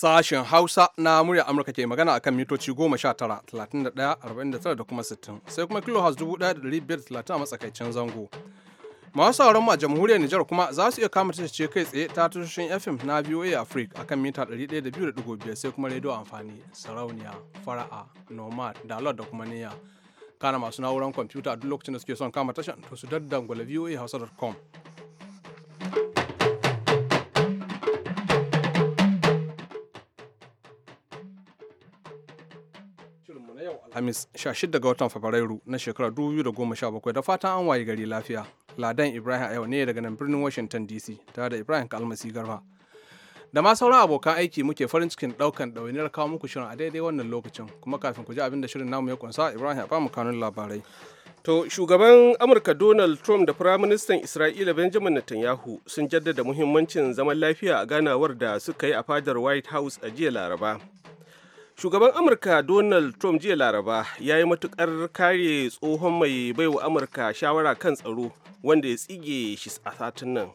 sashen hausa na murya amurka ke magana akan mitoci 19 31 49 da kuma 60 sai kuma kilohertz 1530 a matsakaicin zango masu sauran a jamhuriyar Nijar kuma za su iya kama ce kai tsaye ta tashoshin FM na VOA Africa akan mita 102.5 sai kuma rediyo amfani sarauniya fara'a nomad dalot da kuma niyya kana masu na'urar kwamfuta a duk lokacin da suke son kama tashar to su daddangwala voahausa.com alhamis 16 ga watan fabrairu na shekarar 2017 da fatan an waye gari lafiya ladan ibrahim a yau ne daga nan birnin washington dc tare da ibrahim kalmasi garba da ma sauran abokan aiki muke farin cikin daukan ɗawainiyar kawo muku shirin a daidai wannan lokacin kuma kafin ku ji abin da shirin namu ya kunsa ibrahim a mu kanun labarai To shugaban Amurka Donald Trump da Firaministan Isra'ila Benjamin Netanyahu sun jaddada muhimmancin zaman lafiya a ganawar da suka yi a fadar White House a jiya Laraba. shugaban amurka donald trump jiya laraba ya yi matukar kare tsohon mai baiwa amurka shawara kan tsaro wanda ya tsige shi a satin nan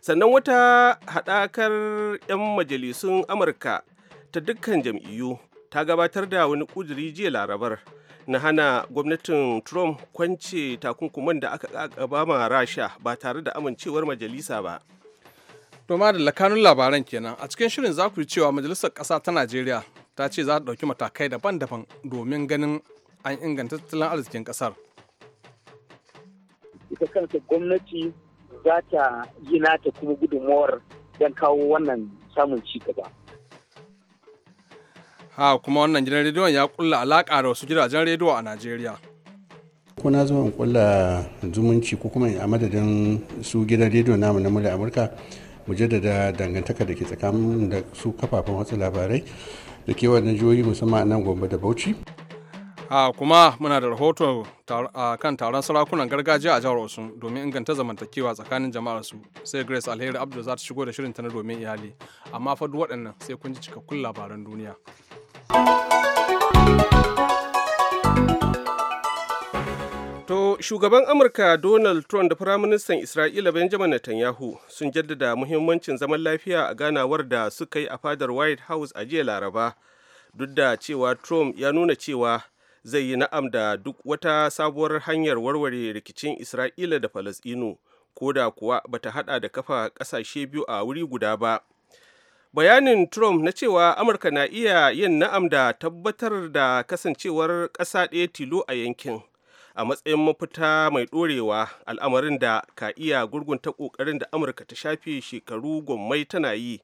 sannan wata haɗakar 'yan majalisun amurka ta dukkan jam'iyyu ta gabatar da wani ƙudiri jiya larabar na hana gwamnatin trump kwance takunkuman da aka gaba ma rasha ba tare da amincewar majalisa ba to da lakanun labaran kenan a cikin shirin za ji cewa majalisar ƙasa ta najeriya ta ce za ta ɗauki matakai daban-daban domin ganin an inganta tattalin arzikin ƙasar. Ita kanta gwamnati za ta yi nata kuma gudunmawar don kawo wannan samun ci gaba. Ha kuma wannan gidan rediyon ya kulla alaƙa da wasu gidajen rediyo a Najeriya. ko na zama in kulla zumunci ko kuma a madadin su gidan rediyo namu na murya amurka mu jaddada dangantaka da ke tsakanin da su kafafen watsa labarai da kewayen jihohi musamman a nan gombe da bauchi a kuma muna da rahoto kan taron sarakunan gargajiya a jihar osun domin inganta zamantakewa tsakanin jama'ar su sai grace alheri abdu za ta shigo da shirin ta na domin iyali amma fa waɗannan sai kun ji cikakkun labaran duniya shugaban Amurka Donald Trump da Firaministan Isra'ila Benjamin Netanyahu sun jaddada muhimmancin zaman lafiya a ganawar da suka yi a fadar White House a jiya Laraba, duk da cewa Trump ya nuna cewa zai yi na'am da duk wata sabuwar hanyar warware rikicin Isra'ila da Falasɗinu, ko da kuwa bata hada da kafa ƙasashe biyu a wuri guda ba. bayanin trump na cewa amurka na iya yin na'am da tabbatar da kasancewar ƙasa ɗaya tilo a yankin a matsayin mafita mai ɗorewa al'amarin da ka iya gurgunta ƙoƙarin da amurka ta shafe shekaru gwammai tana yi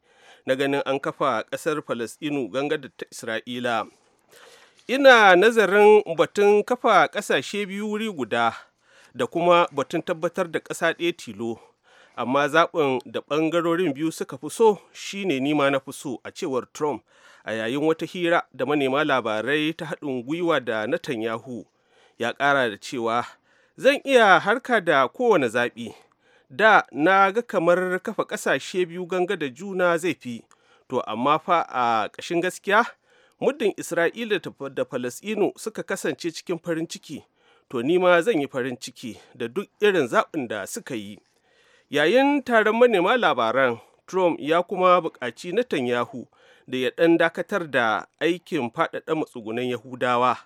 na ganin an kafa ƙasar falasɗinu gangar da ta isra'ila ina nazarin batun kafa ƙasashe biyu wuri guda da kuma batun tabbatar da ƙasa ɗaya tilo amma zaɓin da ɓangarorin biyu suka fi so shine nima na fi so a cewar trump a yayin wata hira da manema labarai ta haɗin gwiwa da netanyahu ya ƙara da cewa zan iya harka da kowane zaɓi da na ga kamar kafa ƙasashe biyu ganga da juna zai fi to amma fa a ƙashin gaskiya muddin isra'ila da falasino suka kasance cikin farin ciki to ni ma zan yi farin ciki da duk irin zaɓin da suka yi yayin taron manema labaran trump ya kuma buƙaci netanyahu da ya ɗan dakatar da aikin faɗaɗa matsugunan yahudawa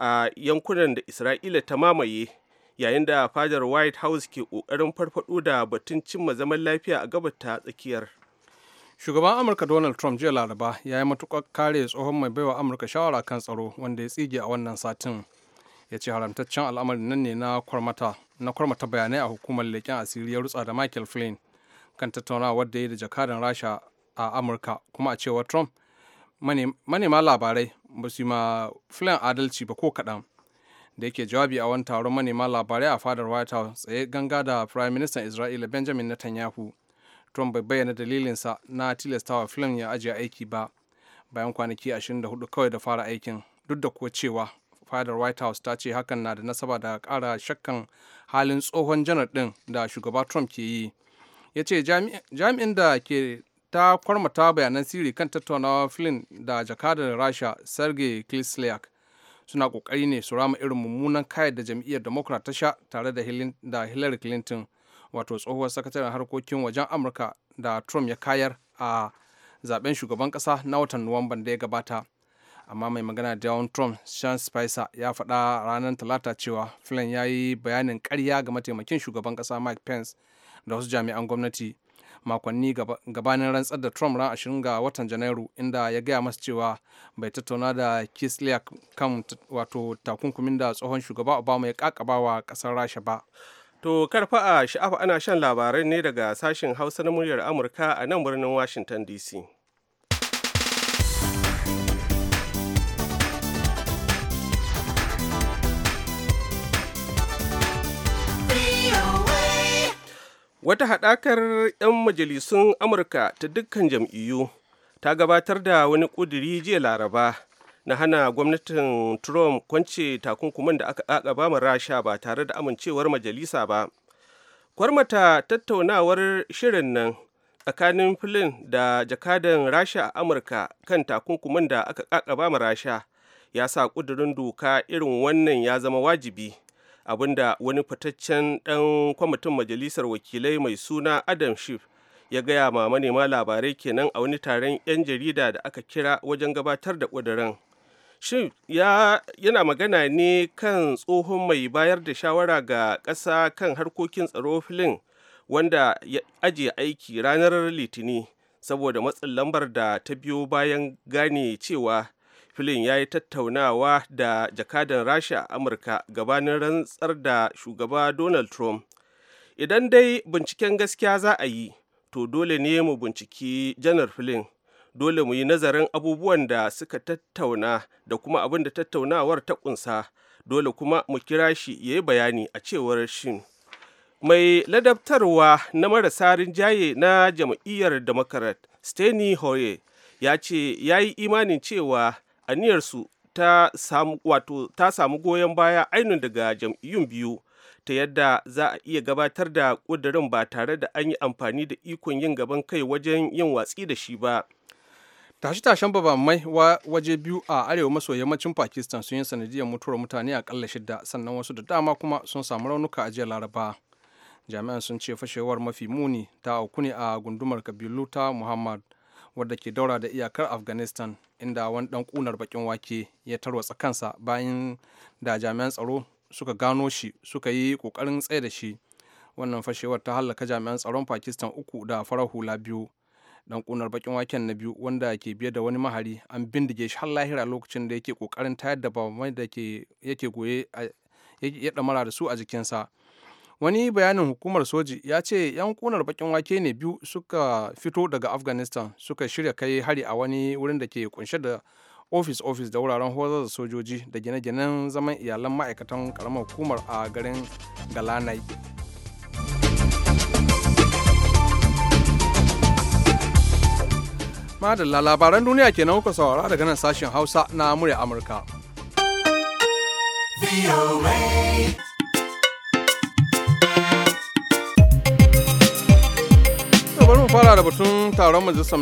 a yankunan da isra'ila ta mamaye yayin da fadar white house ke ƙoƙarin farfado da batun cimma zaman lafiya a gabar ta tsakiyar shugaban amurka donald trump jiya laraba ya yi matukar kare tsohon mai baiwa amurka shawara kan tsaro wanda ya tsige a wannan satin ya ce haramtaccen al'amarin nan ne na kwarmata na kwarmata bayanai a hukumar leƙen asiri ya rutsa da michael flynn kan tattaunawa wadda ya da jakadan rasha a amurka kuma a cewa trump manema labarai ba su ma filan adalci ba ko kaɗan da yake jawabi a wani taron manema labarai a fadar white house tsaye ganga da prime minister isra'ila benjamin netanyahu trump bai bayyana dalilinsa na tilastawa filan ya ajiye aiki ba bayan kwanaki 24 kawai da fara aikin duk da kuwa cewa fadar white house ta ce hakan na da nasaba da kara shakkan halin tsohon janar din da shugaba trump ke yi ya ce jami'in da ke ta kwarmata bayanan sirri kan tattaunawa flynn da jakadar rasha sergei kislyak suna kokari ne su rama irin mummunan kayan da jam'iyyar democrat ta sha tare da hillary clinton wato tsohuwar sakataren harkokin wajen amurka da trump ya kayar a zaben shugaban kasa na watan nuwamban da ya gabata amma mai magana da yawan trump sean spicer ya faɗa ranar talata cewa flynn ya yi bayanin karya ga mataimakin shugaban kasa mike pence da wasu jami'an gwamnati makonni gabanin rantsar da trump ran 20 ga watan janairu inda ya gaya masa cewa bai tattauna da kislyak kan wato takunkumin da tsohon shugaba obama ya wa kasar rasha ba to karfa a sha'afa ana shan labarai ne daga sashen hausa na muryar amurka a nan birnin washington dc wata haɗakar 'yan majalisun amurka ta dukkan jam'iyyu ta gabatar da wani ƙudiri jiya laraba na hana gwamnatin trump kwance takunkuman da aka ƙaƙaba ba rasha ba tare da amincewar majalisa ba kwarmata tattaunawar shirin nan tsakanin filin da jakadan rasha a amurka kan takunkuman da aka ƙaƙaba ba rasha ya sa ƙudurin doka irin wannan ya zama wajibi abinda wani fitaccen ɗan kwamitin majalisar wakilai mai suna adam shif ya gaya ma manema labarai kenan a wani taron 'yan jarida da aka kira wajen gabatar da ƙudurin shin yana magana ne kan tsohon mai bayar da shawara ga ƙasa kan harkokin tsaro filin wanda ya ajiye aiki ranar litini saboda matsin lambar da ta biyo bayan gane cewa filin ya yi tattaunawa da jakadan rasha a amurka gabanin rantsar da shugaba donald trump idan dai binciken gaskiya za a yi to dole ne mu binciki janar filin dole mu yi nazarin abubuwan da suka tattauna da kuma abin da tattaunawar ta kunsa dole kuma mu kira shi ya yi bayani a cewar shin mai ladabtarwa na marasa rinjaye na jam'iyyar democrat steny hoye ya ce ya yi imanin cewa aniyarsu ta samu wato ta samu goyon baya ainun daga jam'iyyun biyu ta yadda za a iya gabatar da ƙudurin ba tare da an yi amfani da ikon yin gaban kai wajen yin watsi da shi ba. tashe-tashen babamai waje biyu a arewa maso yammacin pakistan sun yi sanadiyar mutuwar mutane a kalla shida sannan wasu da dama kuma sun samu raunuka a jiya laraba jami'an sun ce fashewar mafi muni ta auku ne a gundumar kabilu ta muhammad wadda ke daura da iyakar afghanistan inda wani dan kunar bakin wake ya tarwatsa kansa bayan da jami'an tsaro suka gano shi suka yi kokarin tsaye da shi wannan fashewar ta hallaka jami'an tsaron pakistan uku da farar hula biyu dan kunar bakin waken na biyu wanda ke biye da wani mahari an bindige shi har lahira lokacin da yake kokarin tayar da mai da yake goye ya damara da su a jikinsa wani bayanin hukumar soji ya ce 'yan kunar bakin wake ne biyu suka fito daga afghanistan suka shirya kai hari a wani wurin da ke kunshe da ofis ofis da wuraren horar da sojoji da gine-ginen zaman iyalan ma'aikatan karamar hukumar a garin galanai madalla labaran duniya kenan kuka saurara daga nan sashen hausa na murya amurka bari fara da batun taron majalisar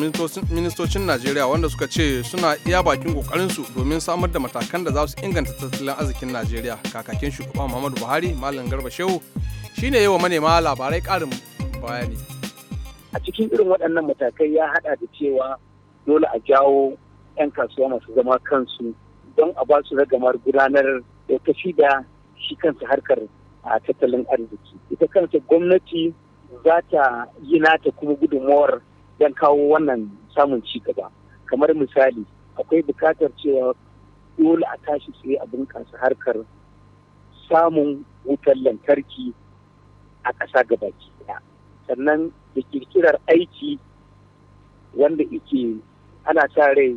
ministocin Najeriya wanda suka ce suna iya bakin kokarinsu domin samar da matakan da za su inganta tattalin arzikin Najeriya. Kakakin shugaban Muhammadu Buhari, Malam Garba Shehu, shine yawa manema labarai karin bayani. A cikin irin waɗannan matakai ya haɗa da cewa dole a jawo 'yan kasuwa masu zama kansu don a ba su ragamar gudanar da tafi da shi kansa harkar a tattalin arziki. Ita kansa gwamnati za ta yi nata kuma gudunmawar don kawo wannan samun ci gaba kamar misali akwai bukatar cewa dole a tashi sai a bunƙasa harkar samun wutar lantarki a ƙasa gaba ɗaya sannan da kirkirar aiki wanda ike ana sa rai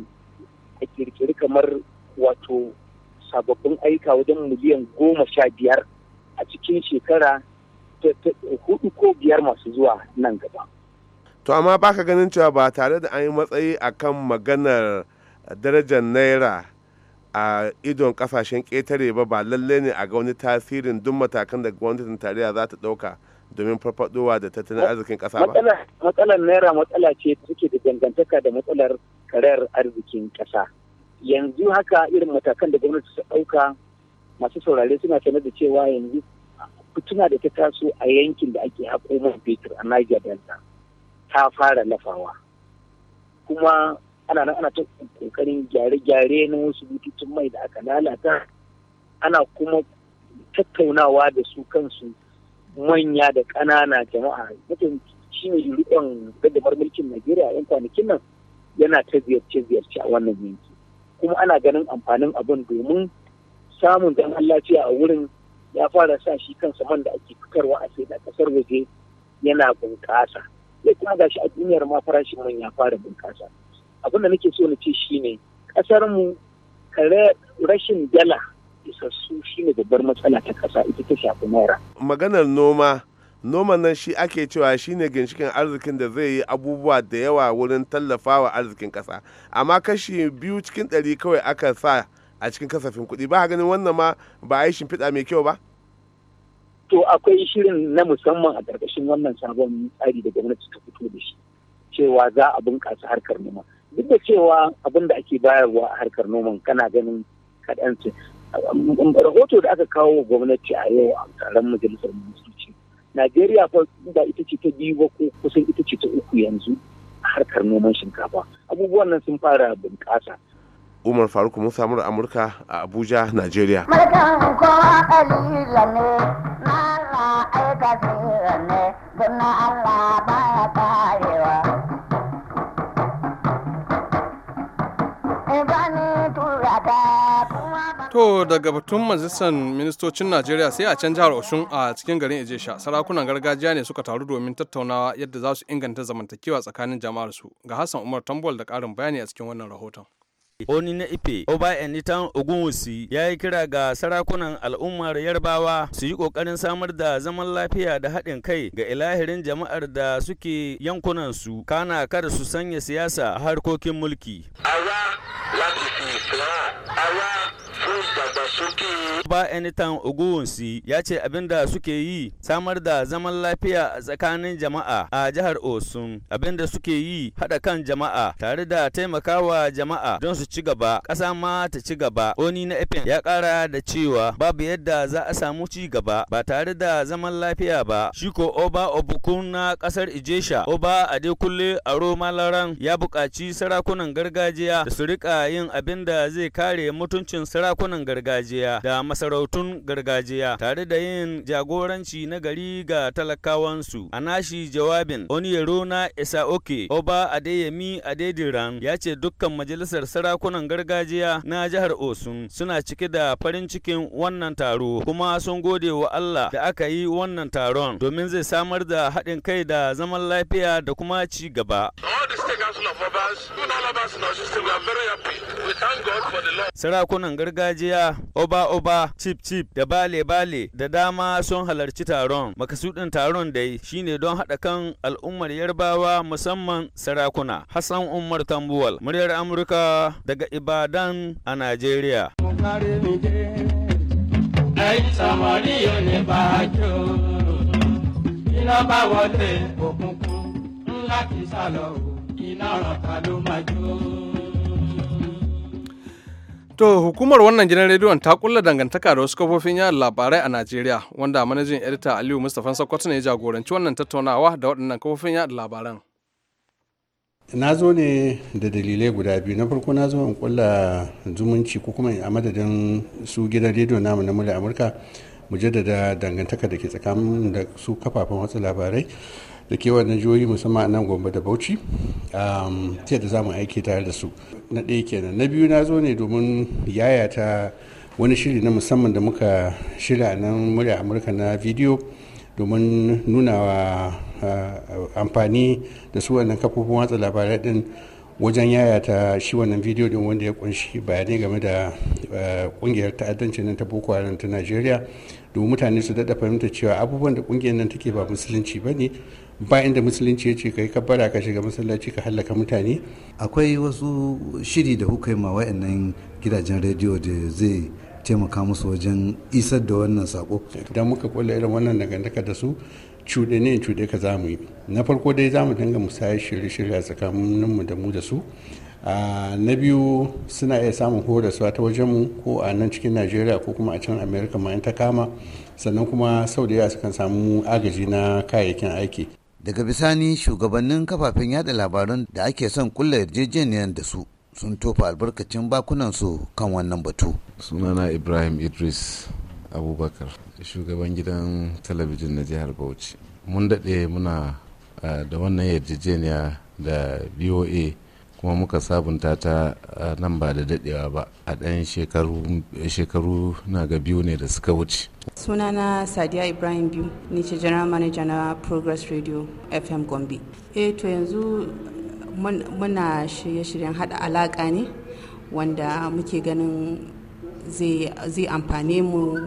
a kirkiri kamar wato sababbin aika wajen miliyan goma sha biyar a cikin shekara hudu ko biyar masu zuwa nan gaba to amma baka ganin cewa ba tare da an yi matsayi akan maganar darajar naira a idon kasashen ƙetare ba ba lalle ne a ga wani tasirin duk matakan da gwamnatin tarayya za ta ɗauka domin farfadowa da tattalin arzikin ƙasa ba? Matsalar naira matsala ce da suke da dangantaka da matsalar karar arzikin kasa Yanzu haka irin matakan da gwamnati ta ɗauka masu saurare suna sanar da cewa yanzu fituna da ta taso a yankin da ake haƙo man fetur a Niger Delta ta fara lafawa kuma ana nan ana ta kokarin gyare-gyare na wasu bututun mai da aka lalata ana kuma tattaunawa da su kansu manya da ƙanana jama'a mutum shi ne riƙon gaddamar mulkin Najeriya yan kwanakin nan yana ta ziyarce-ziyarce a wannan yanki kuma ana ganin amfanin abin domin samun zaman lafiya a wurin ya fara sa shi kansa man da ake fitarwa a sai da kasar waje yana bunƙasa sai kuma gashi a duniyar ma farashin man ya fara bunƙasa abin da nake so na ce shine kasar mu kare rashin dala isassu shine babbar matsala ta kasa ita ta shafi naira maganar noma noma nan shi ake cewa shine ginshikin arzikin da zai yi abubuwa da yawa wurin tallafawa arzikin ƙasa amma kashi biyu cikin ɗari kawai aka sa a cikin kasafin kuɗi ba ganin wannan ma ba a yi shimfiɗa mai kyau ba to akwai shirin na musamman a ƙarƙashin wannan sabon tsari da gwamnati ta fito da shi cewa za a bunƙasa harkar noma duk da cewa abin da ake bayarwa a harkar noman kana ganin kaɗan ce rahoto da aka kawo wa gwamnati a yau a taron majalisar ministoci najeriya fa da ita ce ta biyu ba ko kusan ita ce ta uku yanzu a harkar noman shinkafa abubuwan nan sun fara bunƙasa umar faruk musa mura amurka a abuja nigeria To daga batun majalisar ministocin Najeriya sai a can jihar Oshun a cikin garin Ijesha, sarakunan gargajiya ne suka taru domin tattaunawa yadda za su inganta zamantakewa tsakanin jama'ar su ga Hassan Umar Tambol da ƙarin bayani a cikin wannan rahoton. Oni na Ife, Oba Enitan Ogunwusi ya yi kira ga sarakunan al'ummar Yarbawa su yi ƙoƙarin samar da zaman lafiya da haɗin kai ga ilahirin jama'ar da suke yankunan su kana kada su sanya siyasa harkokin mulki. Awa, ba anytime ogunwunsi ya ce abin da suke yi samar da zaman lafiya a tsakanin jama'a a jihar osun abin da suke yi haɗa kan jama'a tare da taimakawa jama'a don su ci gaba ƙasa ma ta ci gaba oni na fm ya ƙara da cewa babu yadda za a samu ci gaba ba tare da zaman lafiya ba shi ko oba obukun na ƙasar ijesha oba adekunle aro malaran ya buƙaci sarakunan gargajiya da su riƙa yin abin da zai kare mutuncin sarakunan gargajiya gargajiya da masarautun gargajiya tare da yin jagoranci na gari ga talakawansu. A nashi jawabin isa oke Oba Adeyemi Adediran ya ce dukkan majalisar sarakunan gargajiya na jihar Osun suna cike da farin cikin wannan taro kuma sun gode wa Allah da aka yi wannan taron domin zai samar da haɗin kai da zaman lafiya da kuma ci gaba. Sarakunan gargajiya oba-oba chip chip da bale-bale da dama sun halarci taron makasudin taron da yi shine don haɗa kan al'ummar yarbawa musamman sarakuna hassan umar tambuwal muryar amurka daga ibadan a najeriya iná bá wọlé òkùnkùn ńlá kìí sálọ iná ọ̀rọ̀ ta ló To hukumar wannan gidan rediyon ta kulla dangantaka da wasu kafofin yada labarai a Najeriya wanda manajin edita Aliyu Mustapha Sokoto ne ya jagoranci wannan tattaunawa da waɗannan kafofin yada labaran. Na zo ne da dalilai guda biyu na farko na zo in kulla zumunci ko kuma a madadin su gidan rediyo namu na murya Amurka mu jaddada dangantaka da ke tsakanin da su kafafen watsa labarai da ke na jihohi musamman nan gombe da bauchi um, ta da zamu aiki tare da su na ɗaya kenan na biyu na zo ne domin yayata wani shiri na musamman da muka shirya a nan murya amurka na video domin nuna wa uh, amfani da su wannan kafofin watsa labarai din wajen yayata shi wannan video din wanda ya kunshi bayanai game da kungiyar uh, ta'addanci nan ta boko haram ta najeriya domin mutane su daɗa fahimta cewa abubuwan da kungiyar nan take ba musulunci ba ne ba da musulunci ya ce kai kabbara ka shiga masallaci ka hallaka mutane akwai wasu shiri da hukai waɗannan ma wa'annan gidajen rediyo da zai taimaka musu wajen isar da wannan sako idan muka kula irin wannan dangantaka da su cuɗe ne cuɗe ka zamu yi na farko dai za mu dinga musayar shirye-shirye a tsakaninmu da mu da su ah, na biyu suna iya samun horaswa ta wajen mu ko a nan cikin najeriya ko kuma a can amerika ma ta kama sannan kuma sau da yawa sukan samu agaji na kayayyakin aiki daga bisani shugabannin kafafen yada labaran da ake son kulla yarjejeniyar da su sun tofa albarkacin bakunan su kan wannan batu sunana ibrahim idris abubakar shugaban gidan talabijin na jihar bauchi mun daɗe muna eh, da wannan yarjejeniya da voa kuma muka sabunta ta nan ba da dadewa ba a ɗan shekaru na ga biyu ne da suka wuce sunana sadiya ibrahim biyu ni ce general manager na progress radio fm gombe eh to yanzu muna shirye-shiryen haɗa alaka ne wanda muke ganin zai amfane mu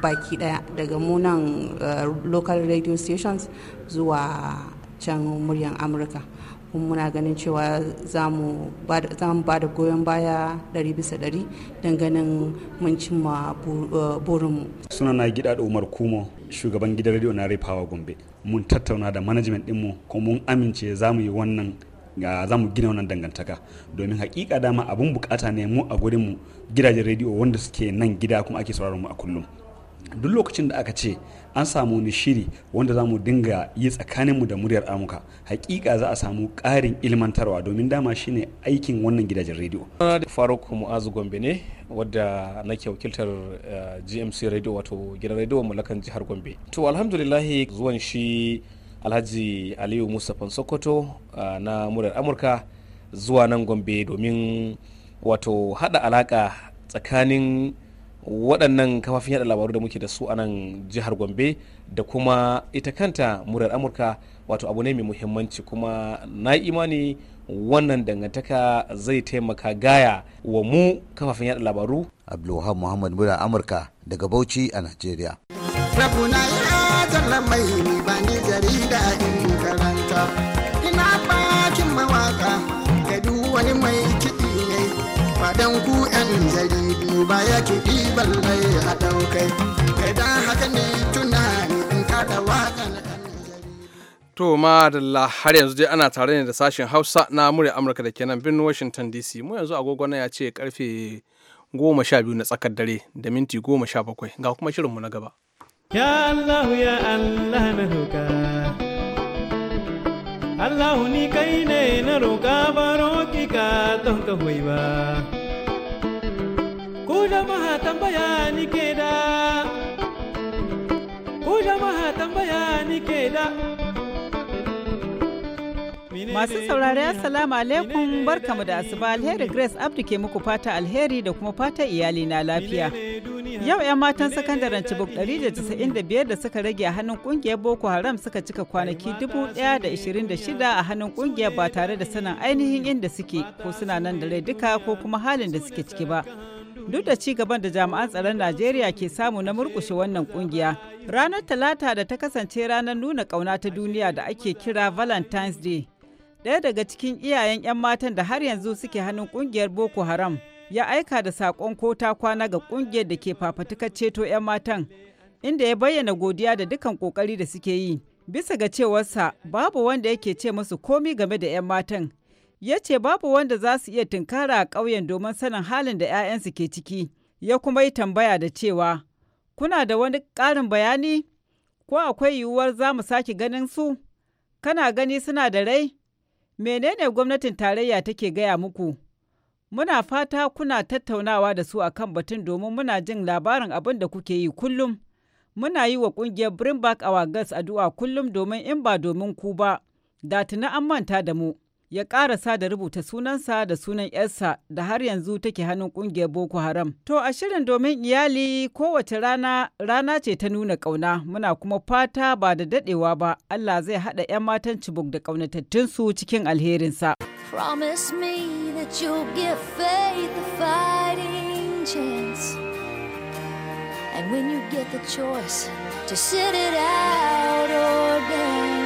baki ɗaya daga munan eh, local radio stations zuwa can muryan amurka kuma muna ganin cewa za mu ba da goyon baya ɗari bisa ɗari don ganin mun cimma eh, burinmu. suna na gida da umar kumo shugaban gidan radio na rifawa gombe mun tattauna da management dinmu kuma mun amince za mu yi wannan za mu gina wannan dangantaka domin hakika dama abun bukata ne mu a gurinmu gidajen rediyo wanda suke nan gida kuma ake sauraron mu a kullum duk lokacin da aka ce an samu wani shiri wanda za mu dinga yi tsakaninmu da muryar amuka hakika za a samu ƙarin ilmantarwa domin dama shine aikin wannan gidajen rediyo faruk mu'azu gombe ne wadda nake wakiltar eh, gmc radio wato gidan rediyo mallakan jihar gombe to alhamdulillahi zuwan shi alhaji aliyu musa sokoto eh, na muryar amurka zuwa nan gombe domin wato haɗa alaka tsakanin waɗannan kafafin yada labaru da muke da su a nan jihar gombe da kuma ita kanta murar amurka wato abu ne mai muhimmanci kuma na imani wannan dangantaka zai taimaka gaya wa mu kafafen yada labaru abdulwahab muhammad murar amurka daga bauchi a nigeria mai jarida dan ku yan jaridu ba ya ke ɗibar mai haɗau kai idan haka ne tunani in da waka na To madalla har yanzu dai ana tare ne da sashen Hausa na murya Amurka da kenan birnin Washington DC mu yanzu agogo na ya ce karfe goma sha biyu na tsakar dare da minti goma sha bakwai ga kuma shirinmu na gaba. Ya Allah ya Allah na roƙa Allah ni kai ne na roƙa ba roƙi ka don ka ba. jama'a tambaya ni da Masu saurari Assalamu alaikum barkamu da asuba alheri Grace abdu ke muku fata alheri da kuma fata iyali na lafiya. Yau 'yan matan sakandaren Chibok 195 da suka rage a hannun kungiyar Boko Haram suka cika kwanaki 1,026 a hannun kungiyar ba tare da sanin ainihin inda suke ko suna nan da rai duka ko kuma halin da suke ciki ba. duk da ci gaban da jami'an tsaron Najeriya ke samu na murkushe wannan kungiya. Ranar Talata da ta kasance ranar nuna ƙauna ta duniya da ake kira Valentine's Day. Ɗaya daga cikin iyayen 'yan matan da har yanzu suke hannun kungiyar Boko Haram ya aika da saƙon ko ta kwana ga ƙungiyar da ke fafatukar ceto 'yan matan, inda ya bayyana godiya da dukan ƙoƙari da suke yi. Bisa ga cewarsa babu wanda yake ce masu komi game da 'yan matan, ya ce babu wanda za su iya tunkara a ƙauyen domin sanin halin da 'ya'yansu ke ciki ya kuma yi tambaya da cewa kuna da wani ƙarin bayani ko akwai yiwuwar za mu sake ganin su kana gani suna da rai menene gwamnatin tarayya take gaya muku muna fata kuna tattaunawa da su akan batun domin muna jin labarin abin da kuke yi kullum muna yi wa ƙungiyar bring back our girls addu'a kullum domin in ba domin ku ba da tuna an manta da mu ya karasa da rubuta sunansa da sunan yarsa da har yanzu take hannun kungiyar boko haram to a shirin domin iyali kowace rana rana ce ta nuna kauna muna kuma fata ba da dadewa ba allah zai hada 'yan matan cibuk da su cikin alherinsa And when you get the choice to sit it out or dance.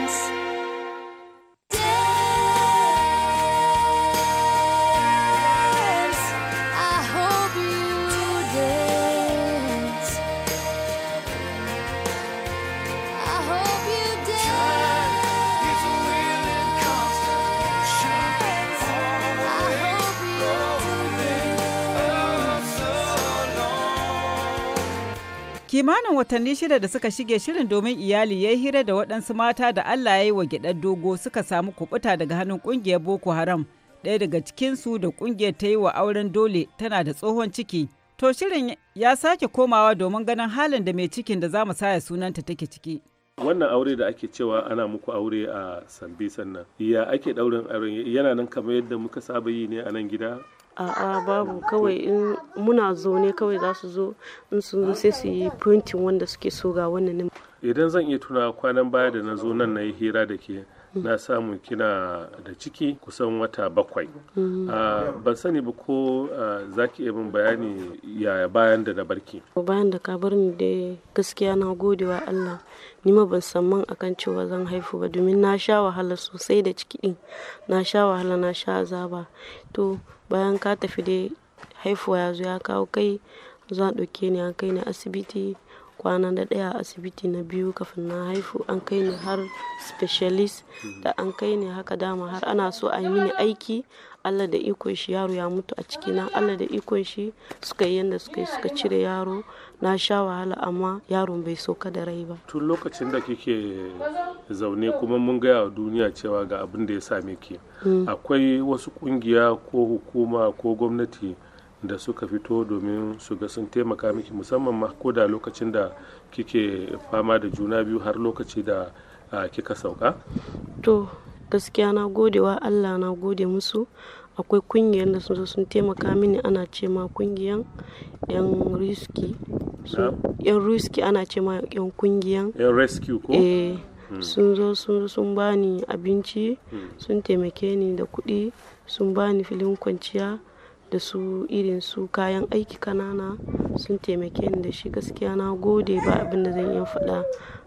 kimanin watanni shida da suka shige shirin domin iyali ya yi hira da waɗansu mata da Allah ya yi wa gyaɗar dogo suka samu kubuta daga hannun ƙungiyar Boko Haram. Ɗaya daga cikinsu da ƙungiyar ta yi wa auren dole tana da tsohon ciki. To shirin ya sake komawa domin ganin halin da mai cikin da za mu saya sunanta take ciki. wannan aure da ake cewa ana muku aure a Sambisan sannan ya ake daurin aure yana nan kamar yadda muka saba yi ne a nan gida a'a babu kawai in muna zaune kawai za su zo in sun zo sai su yi printin wanda suke so ga wannan idan zan iya tuna kwanan baya da na zo nan na yi hira da ke na samu kina da ciki kusan wata bakwai mm-hmm. ah, ban sani ba ko ah, za ki min bayani yaya bayan da na barki bayan da ka bar ni da gaskiya na godewa Allah ni ma ban samman akan cewa zan haifu ba domin na sha wahala sosai da ciki na sha wahala na sha azaba to bayan ka tafi dai haifuwa ya zo ya kawo kai zuwa ɗauke ni an kai ni asibiti kwana da ɗaya a asibiti na biyu kafin na haifu an kai ni har specialist da an kai ni haka dama har ana so a yi mini aiki Allah da ikon shi yaro ya mutu a ciki na Allah da ikon shi suka yi yadda suka yi suka cire yaro na sha wahala amma yaron bai soka da rai ba tun lokacin da kike zaune kuma mun gaya wa duniya cewa ga abin da ya same ki mm. akwai wasu kungiya ko hukuma ko gwamnati da suka fito domin su ga sun taimaka miki musamman ma ko da lokacin da kike fama da juna biyu har lokaci da kika sauka to gaskiya na gode wa Allah na gode musu akwai kungiyar da sun sun taimaka mini ana ce ma kungiyan yan riski yan riski ana ce ma yan kungiyan yan rescue ko eh hmm. sun zo sun sun bani abinci hmm. sun taimake ni da kuɗi sun bani filin kwanciya da su irin su kayan aiki kanana sun taimake ni da shi gaskiya na gode ba abin da zan iya faɗa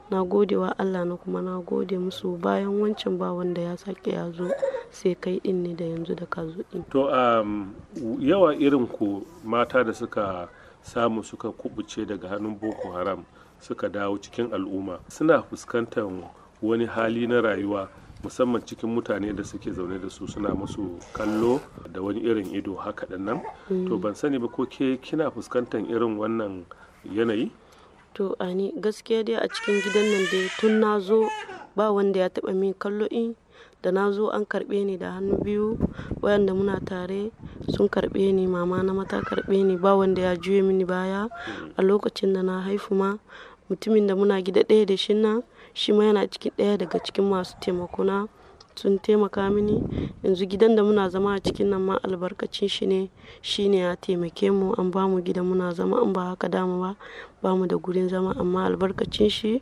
na gode wa Allah na kuma na gode musu bayan wancan ba wanda ya sake ya zo sai kai din ne da yanzu da ka zo din to um, yawa irin ku mata da suka samu suka kubuce daga hannun boko haram suka dawo cikin al'umma suna fuskantar wani hali na rayuwa musamman cikin mutane da suke zaune da su suna musu kallo da wani irin ido haka nan mm. to ban sani ba ko ke kina fuskantar irin wannan yanayi to ani gaskiya dai a cikin gidan nan dai tun na zo ba wanda ya taba min kallo in da na zo an karbe ni da hannu biyu wayanda muna tare sun karbe ni mama na mata karbe ni ba wanda ya juye mini baya a lokacin da na haifu ma mutumin da muna gida ɗaya da shi nan shi ma yana cikin ɗaya daga cikin masu taimakona. na sun taimaka mini yanzu gidan da muna zama a cikin nan ma albarkacin shi ne shi ne ya taimake mu an ba mu gidan muna zama an ba haka dama ba ba mu da gurin zama amma albarkacin shi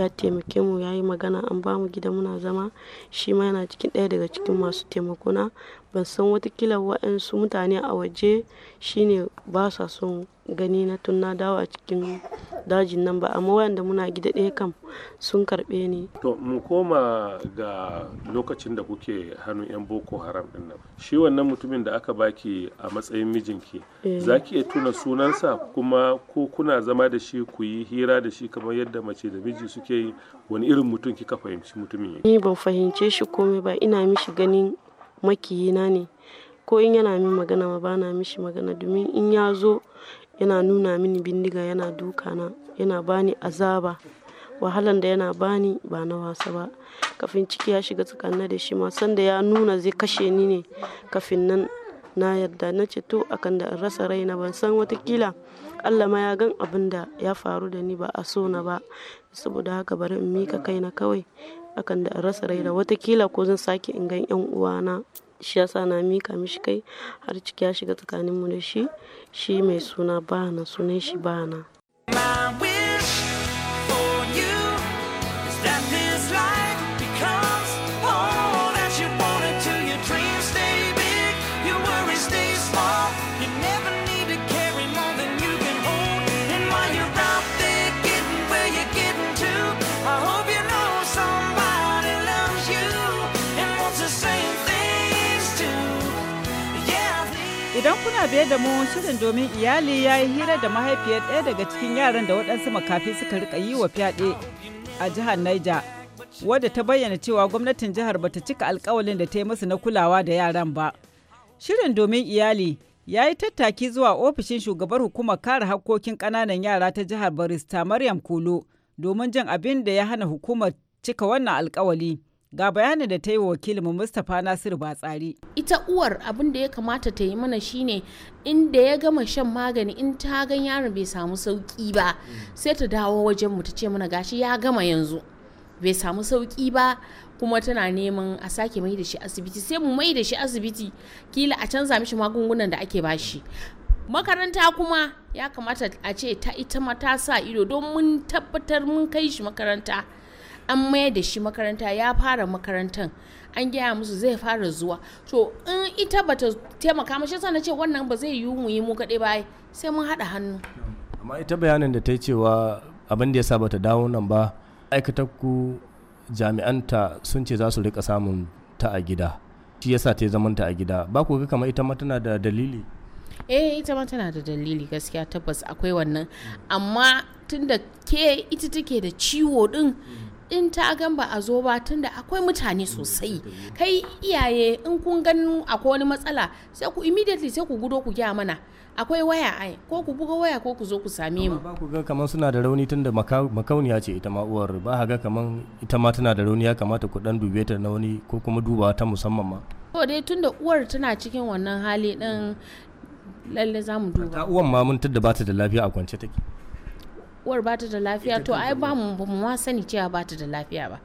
ya taimake mu ya yi magana an ba mu gida muna zama shi ma yana cikin ɗaya daga cikin masu taimakona ban san watakila waɗansu mutane a waje shine ba sa son gani na tun na dawo a cikin dajin nan ba amma wayanda muna gida ɗaya kam sun karɓe ni to mu koma ga lokacin da kuke hannun yan boko haram din nan shi wannan mutumin da aka baki a matsayin mijinki eh. za ki iya tuna sunansa kuma ko kuna zama da shi ku yi hira da shi kamar yadda mace da miji suke kike wani irin mutum kika fahimci mutumin ni ban fahimce shi komai ba ina mishi ganin makiyina ne ko in yana min magana ma bana mishi magana domin in ya zo yana nuna mini bindiga yana dukana yana bani azaba wahalan da yana bani ba na wasa ba kafin ciki ya shiga tsakanin da shi ma sanda ya nuna zai kashe ni ne kafin nan na yarda na ce to akan da in rasa raina ban san watakila Allah ma ya gan abin da ya faru da ni ba a so na ba saboda haka bari in mika kaina kawai akan da in rasa da watakila ko zan sake in gan yan uwana shi yasa na mika mishi kai har ciki ya shiga tsakaninmu da shi shi mai suna bana sunan shi bana kuna biye da mu shirin domin iyali ya yi hira da mahaifiyar ɗaya daga cikin yaran da waɗansu makafi suka rika yi wa fyaɗe a jihar Niger. Wadda ta bayyana cewa gwamnatin jihar ba ta cika alkawalin da ta yi musu na kulawa da yaran ba. Shirin domin iyali ya yi tattaki zuwa ofishin shugabar hukumar kare hakkokin ƙananan yara ta jihar Barista Maryam kulu domin jin abin da ya hana hukumar cika wannan alkawali. Ga bayanin da ta yi wa wakilinmu Mustapha Nasiru Batsari. Ita uwar abin da ya kamata ta yi mana shine inda ya gama shan magani in ta gan yaron bai samu sauki ba sai ta dawo wajen mu ta ce mana gashi ya gama yanzu bai samu sauki ba kuma tana neman a sake mai da shi asibiti sai mu mai da shi asibiti kila a canza mishi magungunan da ake bashi makaranta kuma ya kamata a ce ta ita ma ta sa ido don mun tabbatar mun kai shi makaranta an mayar da shi makaranta ya fara makarantan an gaya musu zai fara zuwa to in ita bata taimaka mashi sa na ce wannan ba zai yiwu mu yi mu kaɗai ba sai mun haɗa hannu amma ita bayanin da ta yi cewa abin da ya sa bata dawo nan ba aikatar ku jami'anta sun ce za su rika samun ta a gida shi ya sa ta yi ta a gida ba ku ga kamar ita ma tana da dalili eh ita ma tana da dalili gaskiya tabbas akwai wannan amma tunda ke ita take da ciwo din mm. in ta gan ba a zo ba tunda akwai mutane sosai kai iyaye in kun gan akwai wani matsala sai ku immediately sai ku gudo ku gya mana akwai waya ai ko ku buga waya ko ku zo ku same mu ba ku ga kaman suna da rauni tunda makauniya ce ita ma uwar ba ga kaman ita ma tana da rauni ya kamata ku dan dube ta na wani ko kuma duba ta musamman ma to dai tunda uwar tana cikin wannan hali din lalle za mu duba uwan ma mun tunda ba ta da lafiya a kwance take uwar bata da lafiya to ai ba mu ma sani cewa bata da lafiya ba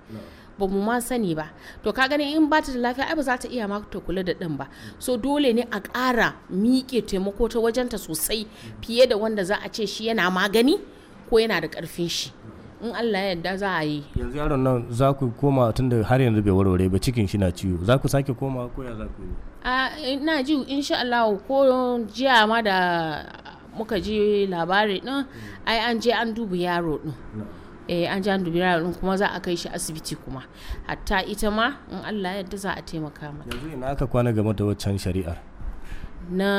ba mu ma sani ba to ka gani in ba ta da lafiya ai ba za ta iya ma ta kula da din ba so dole ne a ƙara miƙe taimako ta wajenta sosai fiye da wanda za a ce shi yana magani ko yana da ƙarfin shi in Allah ya yarda za a yi yanzu yaron nan za ku koma tunda har yanzu bai warware ba cikin shi na ciwo za ku sake koma ko ya za ku yi a ina ji insha Allah ko jiya ma da muka ji labari din ai an je an dubi yaro din eh an je an dubi yaro din kuma za a kai shi asibiti kuma hatta ita ma in Allah yadda za a taimaka mata yanzu ina aka kwana game da waccan shari'ar na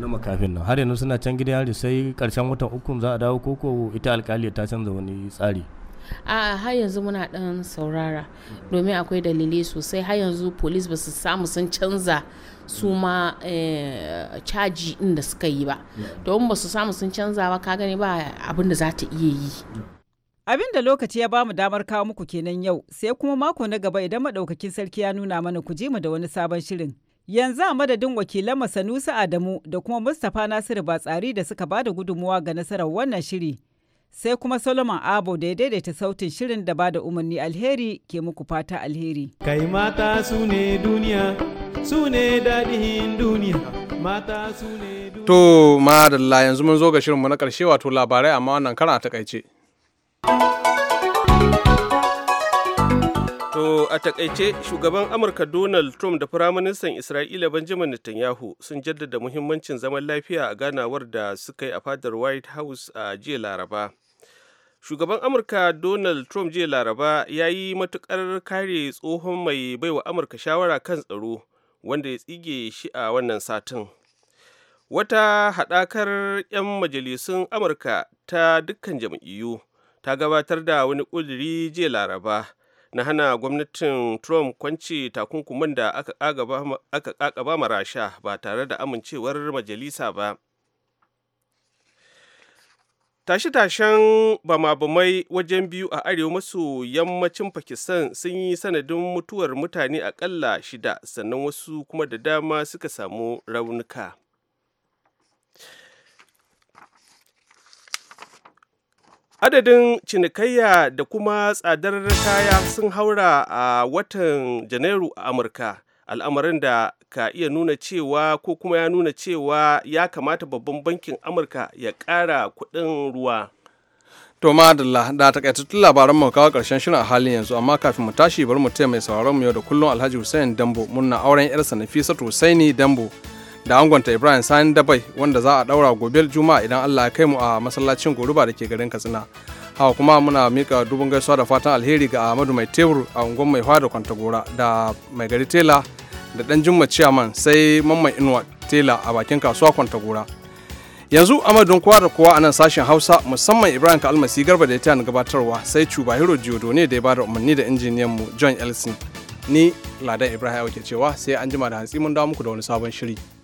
na makafin nan har yanzu suna can gidan yari sai karshen watan uku za a dawo koko ita alkali ta canza wani tsari a har yanzu muna dan saurara domin akwai dalilai sosai har yanzu polis ba su samu sun canza su ma eh, caji inda suka yi ba domin ba su samu sun canza ba ka gani ba abin da za ta iya yi abin da lokaci ya bamu damar kawo muku kenan yau sai kuma mako na gaba idan madaukakin sarki ya nuna mana ku je mu da wani sabon shirin yanzu a madadin wakilan masanusa adamu da kuma mustapha nasiru ba tsari da suka bada gudunmuwa ga nasarar wannan shiri sai kuma Solomon Abo da ya daidaita sautin shirin da ba da umarni alheri ke muku fata alheri. Kai mata su ne duniya, su ne daɗin duniya, mata su ne duniya. To, madalla yanzu mun zo ga mu na karshe wato labarai amma wannan karan a takaice. To a takaice shugaban Amurka Donald Trump da Firaministan Isra'ila Benjamin Netanyahu sun jaddada muhimmancin zaman lafiya a ganawar da suka yi a fadar White House a jiya Laraba. Shugaban Amurka Donald Trump jiya Laraba ya yi matukar kare tsohon mai baiwa Amurka shawara kan tsaro wanda ya tsige shi a wannan satin. Wata haɗakar 'yan majalisun Amurka ta dukkan jam'iyyu ta gabatar da wani ƙuduri jiya Laraba. na hana gwamnatin trump kwanci takunkuman da aka kakaba marasha rasha ba tare da amincewar majalisa ba tashe-tashen bama-bamai wajen biyu a arewa maso yammacin pakistan sun yi sanadin mutuwar mutane akalla shida sannan wasu kuma da dama suka samu raunuka adadin cinikayya da kuma tsadar kaya sun haura a watan janairu a amurka al'amarin da ka iya nuna cewa ko kuma ya nuna cewa ya kamata babban bankin amurka ya ƙara kuɗin ruwa to madalla da takaitattun labaran mu kawo karshen shirin a halin yanzu amma kafin mu tashi bari mu taya mai sauraron mu yau da kullum alhaji hussein dambo muna auren yarsa nafisatu husaini dambo da angonta ibrahim sani dabai wanda za a daura gobe juma'a idan allah ya kai mu a masallacin goruba da ke garin katsina hawa kuma muna mika dubin gaisuwa da fatan alheri ga ahmadu mai tebur a unguwar mai kwanta gora da mai gari tela da dan jumma ciyaman sai mamman inuwa tela a bakin kasuwa gora yanzu amadun kowa da kowa a nan sashen hausa musamman ibrahim ka Almasi garba da ya tana gabatarwa sai cuba cubahiro jiodo ne da ya bada umarni da injiniyan mu john elson ni ladan ibrahim ke cewa sai an jima da hantsi mun dawo muku da wani sabon shiri